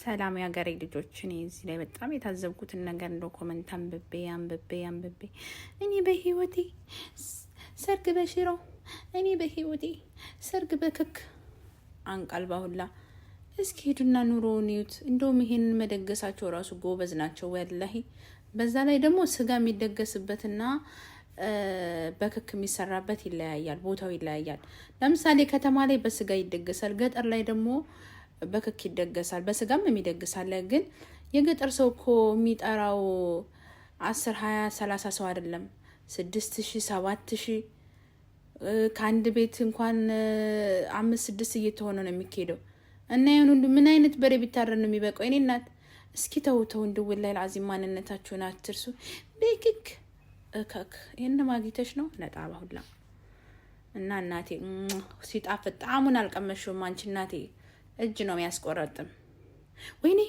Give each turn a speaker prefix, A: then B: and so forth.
A: ሰላም የሀገሬ ልጆች፣ እኔ እዚህ ላይ በጣም የታዘብኩትን ነገር እንደ ኮመንት አንብቤ አንብቤ አንብቤ እኔ በህይወቴ ሰርግ በሽሮ እኔ በህይወቴ ሰርግ በክክ አንቃልባ ሁላ እስኪ ሄዱና ኑሮውን ይዩት። እንደውም ይሄንን መደገሳቸው ራሱ ጎበዝ ናቸው ወላሂ። በዛ ላይ ደግሞ ስጋ የሚደገስበትና በክክ የሚሰራበት ይለያያል፣ ቦታው ይለያያል። ለምሳሌ ከተማ ላይ በስጋ ይደገሳል፣ ገጠር ላይ ደግሞ በክክ ይደገሳል፣ በስጋም የሚደግሳለ። ግን የገጠር ሰው እኮ የሚጠራው አስር ሀያ ሰላሳ ሰው አይደለም። ስድስት ሺ ሰባት ሺ ከአንድ ቤት እንኳን አምስት ስድስት እየተሆነ ነው የሚካሄደው። እና ይሁን ወንዱ ምን አይነት በሬ ቢታረድ ነው የሚበቀው? እኔ እናት እስኪ ተውተው እንድውል ላይ ለአዚም ማንነታችሁን አትርሱ። ቤክክ እከክ ይህን ማግኘተች ነው ነጣ ባሁላ እና እናቴ ሲጣፍጥ ጣዕሙን አልቀመሽውም አንቺ እናቴ። እጅ ነው የሚያስቆረጥም። ወይኔ